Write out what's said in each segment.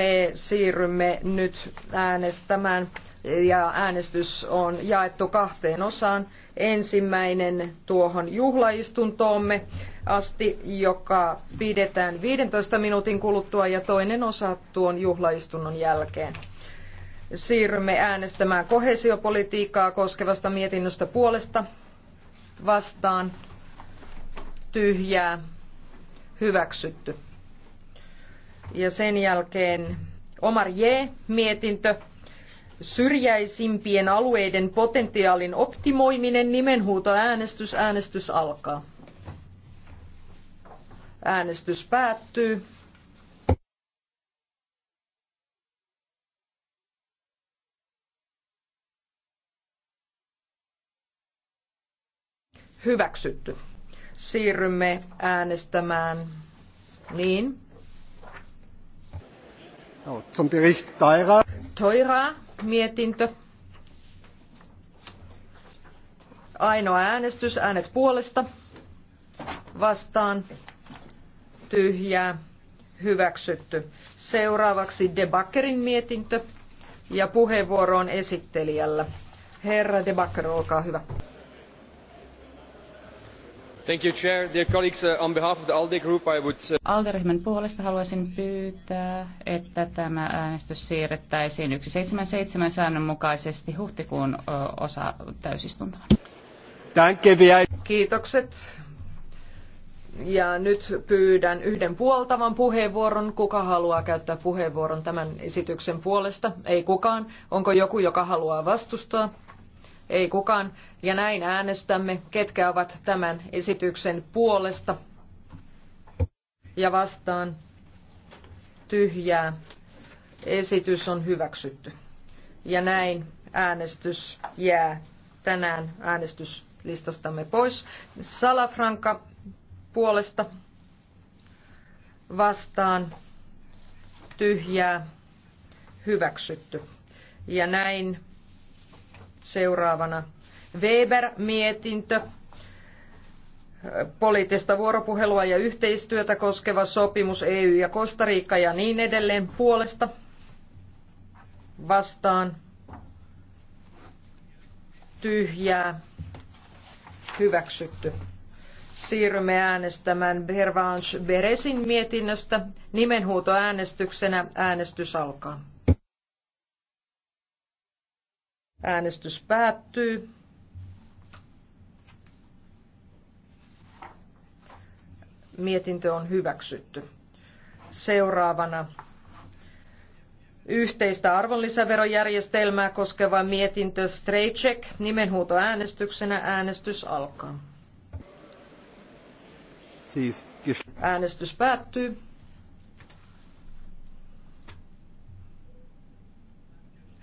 me siirrymme nyt äänestämään ja äänestys on jaettu kahteen osaan. Ensimmäinen tuohon juhlaistuntoomme asti, joka pidetään 15 minuutin kuluttua ja toinen osa tuon juhlaistunnon jälkeen. Siirrymme äänestämään kohesiopolitiikkaa koskevasta mietinnöstä puolesta vastaan tyhjää hyväksytty. Ja sen jälkeen Omar J. mietintö syrjäisimpien alueiden potentiaalin optimoiminen, nimenhuuto äänestys, äänestys alkaa. Äänestys päättyy. Hyväksytty. Siirrymme äänestämään. Niin. No, zum Bericht Teura. Teura, mietintö. Ainoa äänestys, äänet puolesta. Vastaan. Tyhjää. Hyväksytty. Seuraavaksi Debakkerin mietintö ja puheenvuoro on esittelijällä. Herra Debakker, olkaa hyvä. ALDE-ryhmän puolesta haluaisin pyytää, että tämä äänestys siirrettäisiin 177 säännön mukaisesti huhtikuun osa täysistuntoon. Kiitokset. Ja nyt pyydän yhden puoltavan puheenvuoron. Kuka haluaa käyttää puheenvuoron tämän esityksen puolesta? Ei kukaan. Onko joku, joka haluaa vastustaa? Ei kukaan. Ja näin äänestämme, ketkä ovat tämän esityksen puolesta ja vastaan tyhjää. Esitys on hyväksytty. Ja näin äänestys jää tänään äänestyslistastamme pois. Salafranka puolesta vastaan tyhjää hyväksytty. Ja näin seuraavana. Weber-mietintö, poliittista vuoropuhelua ja yhteistyötä koskeva sopimus EU ja Costa Rica ja niin edelleen puolesta vastaan tyhjää hyväksytty. Siirrymme äänestämään Bervange Beresin mietinnöstä. äänestyksenä äänestys alkaa. Äänestys päättyy. Mietintö on hyväksytty. Seuraavana yhteistä arvonlisäverojärjestelmää koskeva mietintö Strejček nimenhuutoäänestyksenä äänestys alkaa. Siis, Äänestys päättyy.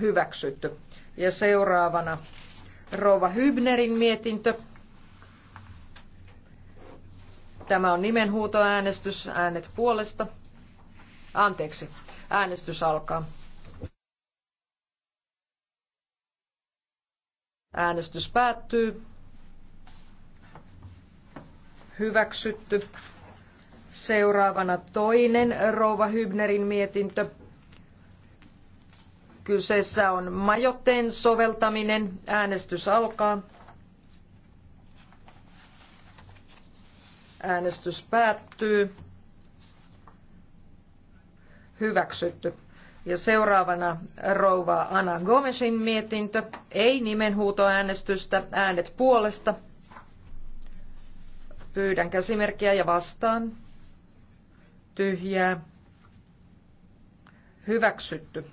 Hyväksytty. Ja seuraavana Rova Hybnerin mietintö. Tämä on nimenhuutoäänestys, äänet puolesta. Anteeksi, äänestys alkaa. Äänestys päättyy. Hyväksytty. Seuraavana toinen Rova Hybnerin mietintö. Kyseessä on majotteen soveltaminen. Äänestys alkaa. Äänestys päättyy. Hyväksytty. Ja seuraavana rouva Ana Gomesin mietintö. Ei nimenhuutoäänestystä, äänet puolesta. Pyydän käsimerkkiä ja vastaan. Tyhjää. Hyväksytty.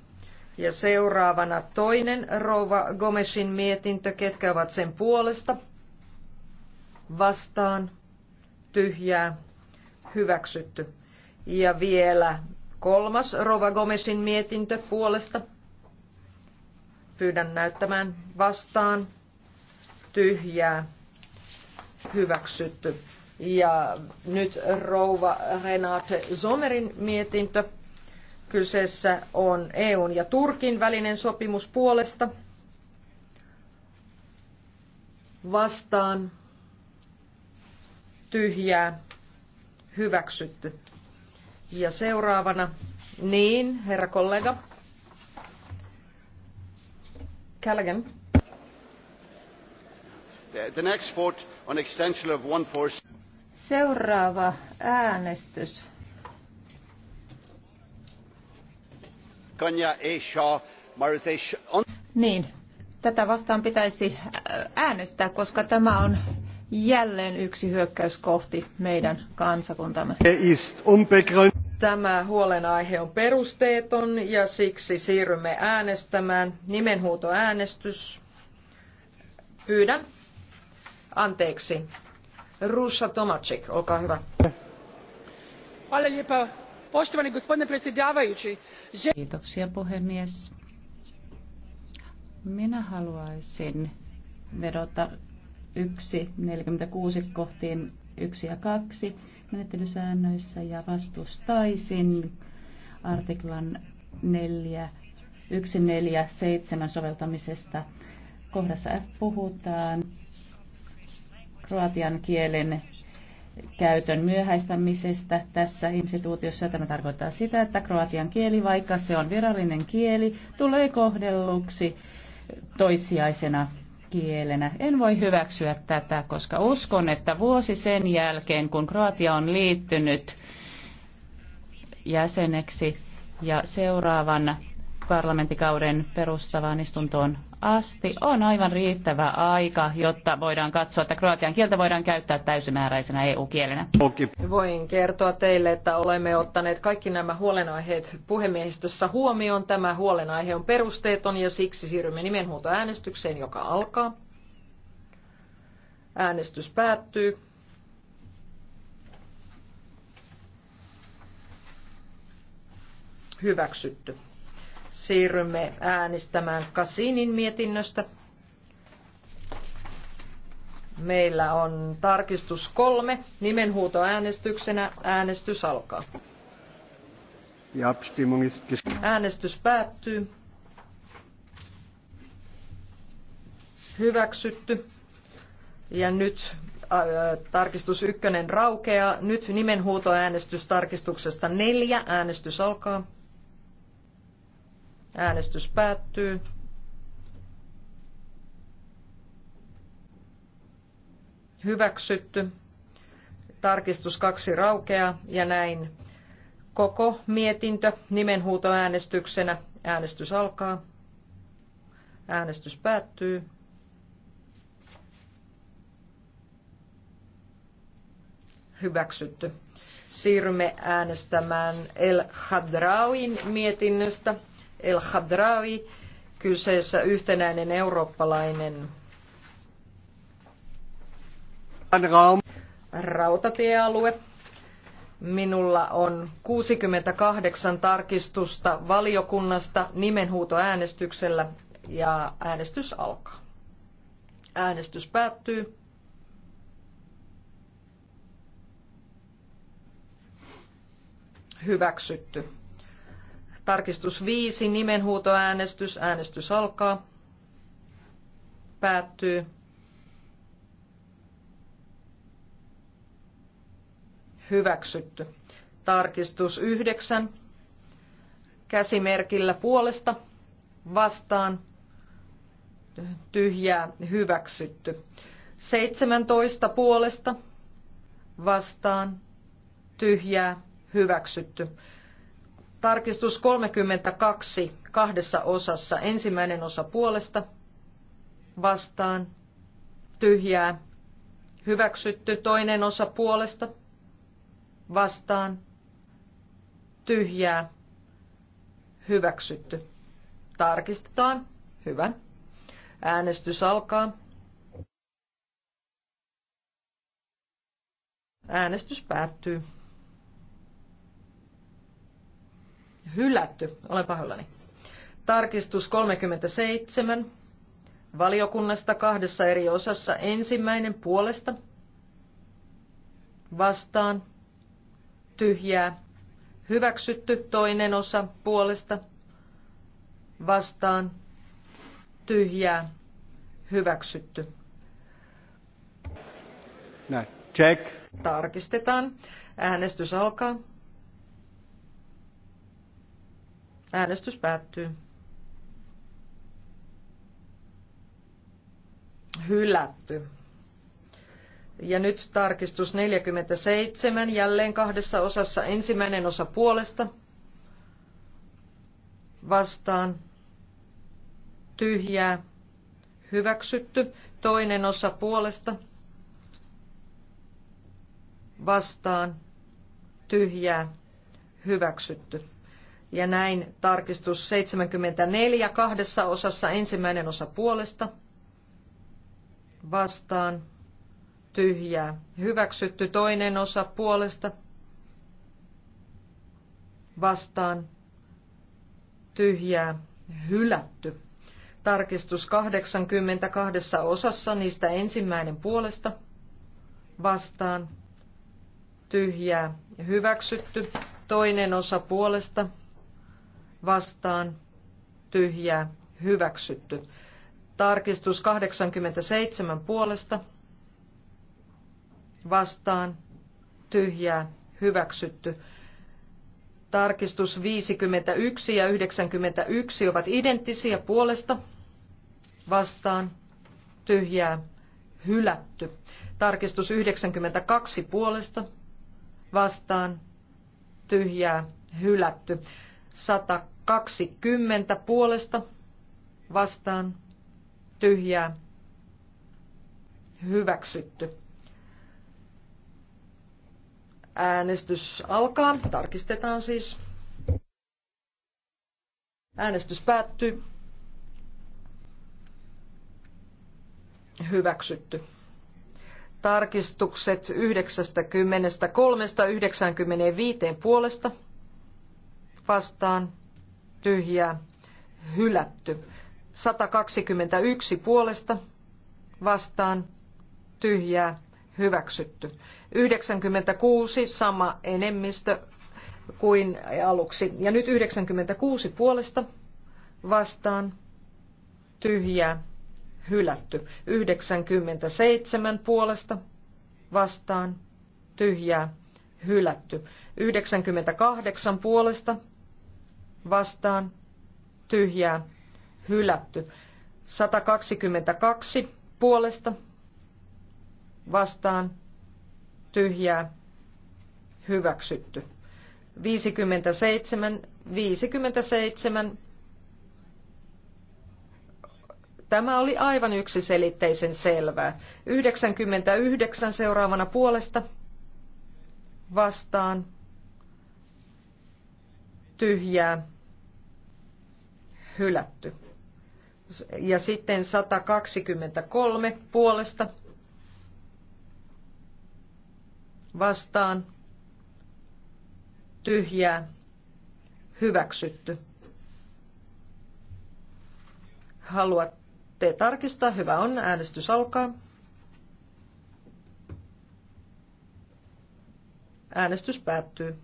Ja seuraavana toinen rouva Gomesin mietintö, ketkä ovat sen puolesta. Vastaan, tyhjää, hyväksytty. Ja vielä kolmas rouva Gomesin mietintö puolesta. Pyydän näyttämään vastaan, tyhjää, hyväksytty. Ja nyt rouva Renate Zomerin mietintö Kyseessä on EUn ja Turkin välinen sopimus puolesta vastaan tyhjää hyväksytty. Ja seuraavana, niin herra kollega, Callaghan. The next vote on extension of one force. Seuraava äänestys Niin, tätä vastaan pitäisi äh, äänestää, koska tämä on jälleen yksi hyökkäys kohti meidän kansakuntamme. Tämä huolenaihe on perusteeton ja siksi siirrymme äänestämään. Nimenhuutoäänestys. Pyydän anteeksi. Russa Tomacik, olkaa hyvä. Hvala lijepa Poštovani gospodine predsjedavajući... Kiitoksia puhemies. Minä haluaisin vedota yksi neljäkymmentä kuusi kohtiin yksi ja kaksi menettelysäännöissä ja vastustaisin artiklan neljä yksi neljä seitsemän soveltamisesta. Kohdassa F puhutaan kroatian kielen käytön myöhäistämisestä tässä instituutiossa. Tämä tarkoittaa sitä, että kroatian kieli, vaikka se on virallinen kieli, tulee kohdelluksi toissijaisena kielenä. En voi hyväksyä tätä, koska uskon, että vuosi sen jälkeen, kun Kroatia on liittynyt jäseneksi ja seuraavan parlamenttikauden perustavaan istuntoon asti on aivan riittävä aika, jotta voidaan katsoa, että kroatian kieltä voidaan käyttää täysimääräisenä EU-kielenä. Voin kertoa teille, että olemme ottaneet kaikki nämä huolenaiheet puhemiehistössä huomioon. Tämä huolenaihe on perusteeton ja siksi siirrymme nimenhuutoäänestykseen, joka alkaa. Äänestys päättyy. Hyväksytty siirrymme äänestämään Kasinin mietinnöstä. Meillä on tarkistus kolme. Nimenhuutoäänestyksenä äänestys alkaa. Äänestys päättyy. Hyväksytty. Ja nyt äh, tarkistus ykkönen raukeaa. Nyt nimenhuutoäänestys tarkistuksesta neljä. Äänestys alkaa. Äänestys päättyy. Hyväksytty. Tarkistus kaksi raukeaa ja näin koko mietintö nimenhuutoäänestyksenä. Äänestys alkaa. Äänestys päättyy. Hyväksytty. Siirrymme äänestämään El Hadrauin mietinnöstä. El Khadrawi, kyseessä yhtenäinen eurooppalainen rautatiealue. Minulla on 68 tarkistusta valiokunnasta nimenhuutoäänestyksellä ja äänestys alkaa. Äänestys päättyy. Hyväksytty. Tarkistus 5, nimenhuutoäänestys. Äänestys alkaa. Päättyy. Hyväksytty. Tarkistus 9. Käsimerkillä puolesta. Vastaan. Tyhjää. Hyväksytty. 17 puolesta. Vastaan. Tyhjää. Hyväksytty. Tarkistus 32 kahdessa osassa. Ensimmäinen osa puolesta, vastaan, tyhjää, hyväksytty. Toinen osa puolesta, vastaan, tyhjää, hyväksytty. Tarkistetaan. Hyvä. Äänestys alkaa. Äänestys päättyy. Hylätty. Olen pahoillani. Tarkistus 37. Valiokunnasta kahdessa eri osassa. Ensimmäinen puolesta. Vastaan. Tyhjää. Hyväksytty. Toinen osa puolesta. Vastaan. Tyhjää. Hyväksytty. Näin. Check. Tarkistetaan. Äänestys alkaa. Äänestys päättyy. Hylätty. Ja nyt tarkistus 47, jälleen kahdessa osassa. Ensimmäinen osa puolesta. Vastaan. Tyhjää. Hyväksytty. Toinen osa puolesta. Vastaan. Tyhjää. Hyväksytty. Ja näin tarkistus 74 kahdessa osassa ensimmäinen osa puolesta vastaan tyhjää. Hyväksytty toinen osa puolesta vastaan tyhjää hylätty. Tarkistus 82 osassa niistä ensimmäinen puolesta vastaan tyhjää hyväksytty, toinen osa puolesta vastaan tyhjää hyväksytty. Tarkistus 87 puolesta vastaan tyhjää hyväksytty. Tarkistus 51 ja 91 ovat identtisiä puolesta vastaan tyhjää hylätty. Tarkistus 92 puolesta vastaan tyhjää hylätty. 120 puolesta vastaan tyhjää hyväksytty. Äänestys alkaa. Tarkistetaan siis. Äänestys päättyy. Hyväksytty. Tarkistukset 93-95 puolesta vastaan tyhjää hylätty. 121 puolesta vastaan tyhjää hyväksytty. 96 sama enemmistö kuin aluksi. Ja nyt 96 puolesta vastaan tyhjää hylätty. 97 puolesta vastaan tyhjää hylätty. 98 puolesta vastaan tyhjää hylätty. 122 puolesta vastaan tyhjää hyväksytty. 57, 57. Tämä oli aivan yksiselitteisen selvää. 99 seuraavana puolesta vastaan tyhjää hylätty. Ja sitten 123 puolesta vastaan tyhjää hyväksytty. Haluatte tarkistaa? Hyvä on. Äänestys alkaa. Äänestys päättyy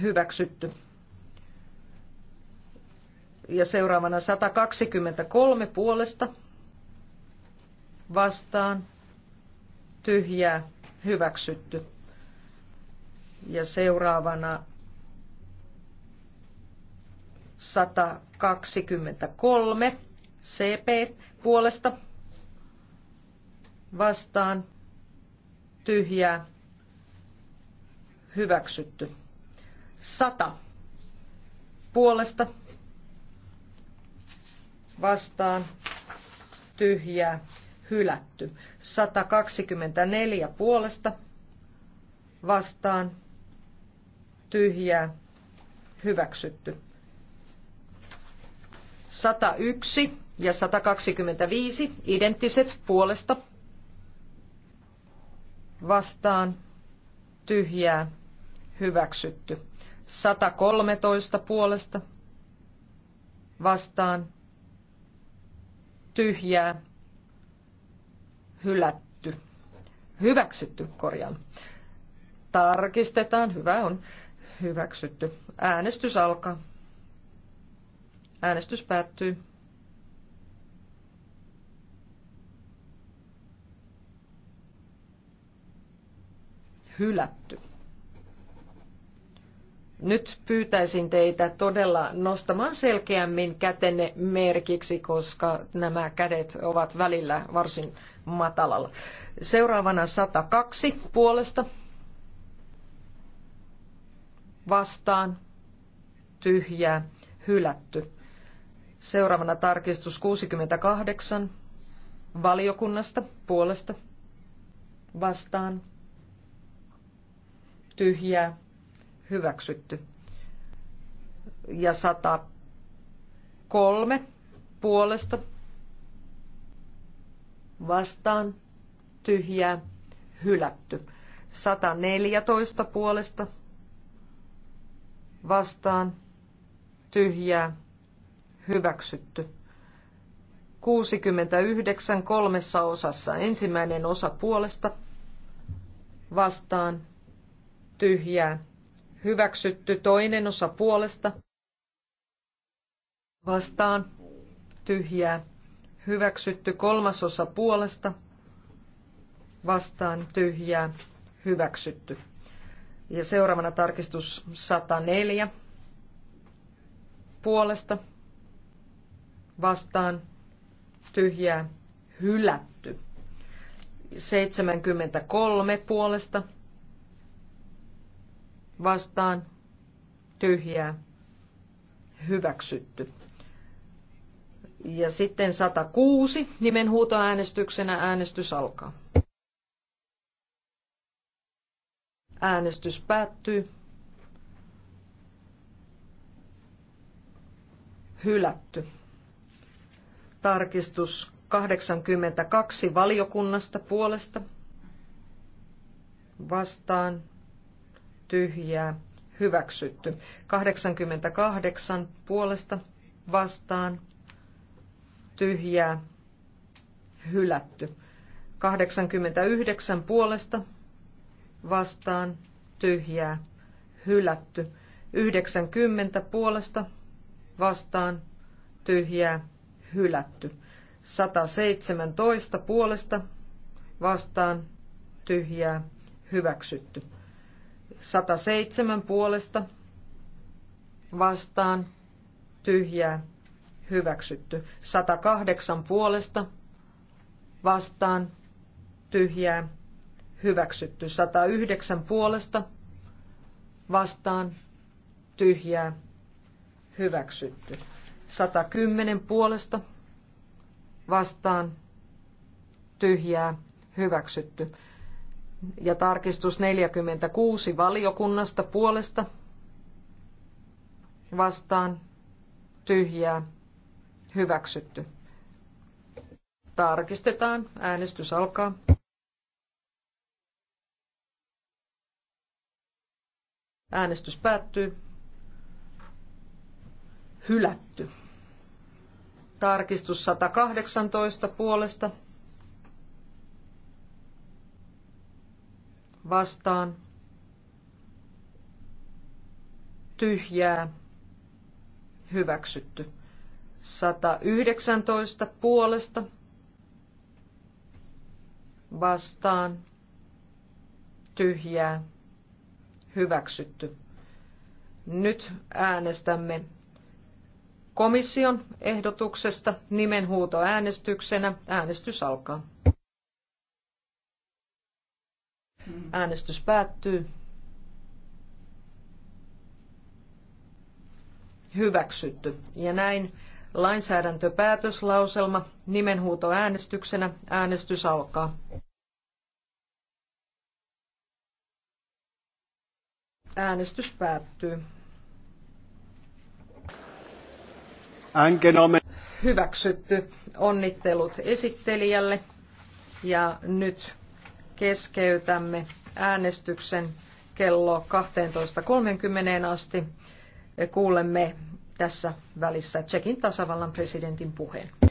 hyväksytty. Ja seuraavana 123 puolesta vastaan tyhjää hyväksytty. Ja seuraavana 123 CP puolesta vastaan tyhjää hyväksytty. Sata puolesta vastaan tyhjää hylätty. 124 puolesta vastaan tyhjää hyväksytty. 101 ja 125 identtiset puolesta vastaan tyhjää hyväksytty. 113 puolesta vastaan tyhjää hylätty. Hyväksytty korjaan. Tarkistetaan. Hyvä on. Hyväksytty. Äänestys alkaa. Äänestys päättyy. Hylätty. Nyt pyytäisin teitä todella nostamaan selkeämmin kätenne merkiksi, koska nämä kädet ovat välillä varsin matalalla. Seuraavana 102 puolesta. Vastaan. Tyhjää. Hylätty. Seuraavana tarkistus 68 valiokunnasta puolesta vastaan tyhjää hyväksytty. Ja 103 puolesta vastaan tyhjää hylätty. 114 puolesta vastaan tyhjää hyväksytty. 69 kolmessa osassa. Ensimmäinen osa puolesta vastaan tyhjää Hyväksytty toinen osa puolesta. Vastaan. Tyhjää. Hyväksytty kolmas osa puolesta. Vastaan. Tyhjää. Hyväksytty. Ja seuraavana tarkistus 104. Puolesta. Vastaan. Tyhjää. Hylätty. 73 puolesta vastaan tyhjää hyväksytty. Ja sitten 106 nimen huutoäänestyksenä äänestys alkaa. Äänestys päättyy. Hylätty. Tarkistus 82 valiokunnasta puolesta. Vastaan tyhjää hyväksytty. 88 puolesta vastaan tyhjää hylätty. 89 puolesta vastaan tyhjää hylätty. 90 puolesta vastaan tyhjää hylätty. 117 puolesta vastaan tyhjää hyväksytty. 107 puolesta vastaan tyhjää hyväksytty. 108 puolesta vastaan tyhjää hyväksytty. 109 puolesta vastaan tyhjää hyväksytty. 110 puolesta vastaan tyhjää hyväksytty ja tarkistus 46 valiokunnasta puolesta vastaan tyhjää hyväksytty. Tarkistetaan. Äänestys alkaa. Äänestys päättyy. Hylätty. Tarkistus 118 puolesta vastaan tyhjää hyväksytty. 119 puolesta vastaan tyhjää hyväksytty. Nyt äänestämme komission ehdotuksesta nimenhuutoäänestyksenä. Äänestys alkaa. Mm-hmm. Äänestys päättyy. Hyväksytty. Ja näin lainsäädäntöpäätöslauselma nimenhuutoäänestyksenä. Äänestys alkaa. Äänestys päättyy. Angenommen. Hyväksytty. Onnittelut esittelijälle. Ja nyt keskeytämme äänestyksen kello 12.30 asti. Kuulemme tässä välissä Tsekin tasavallan presidentin puheen.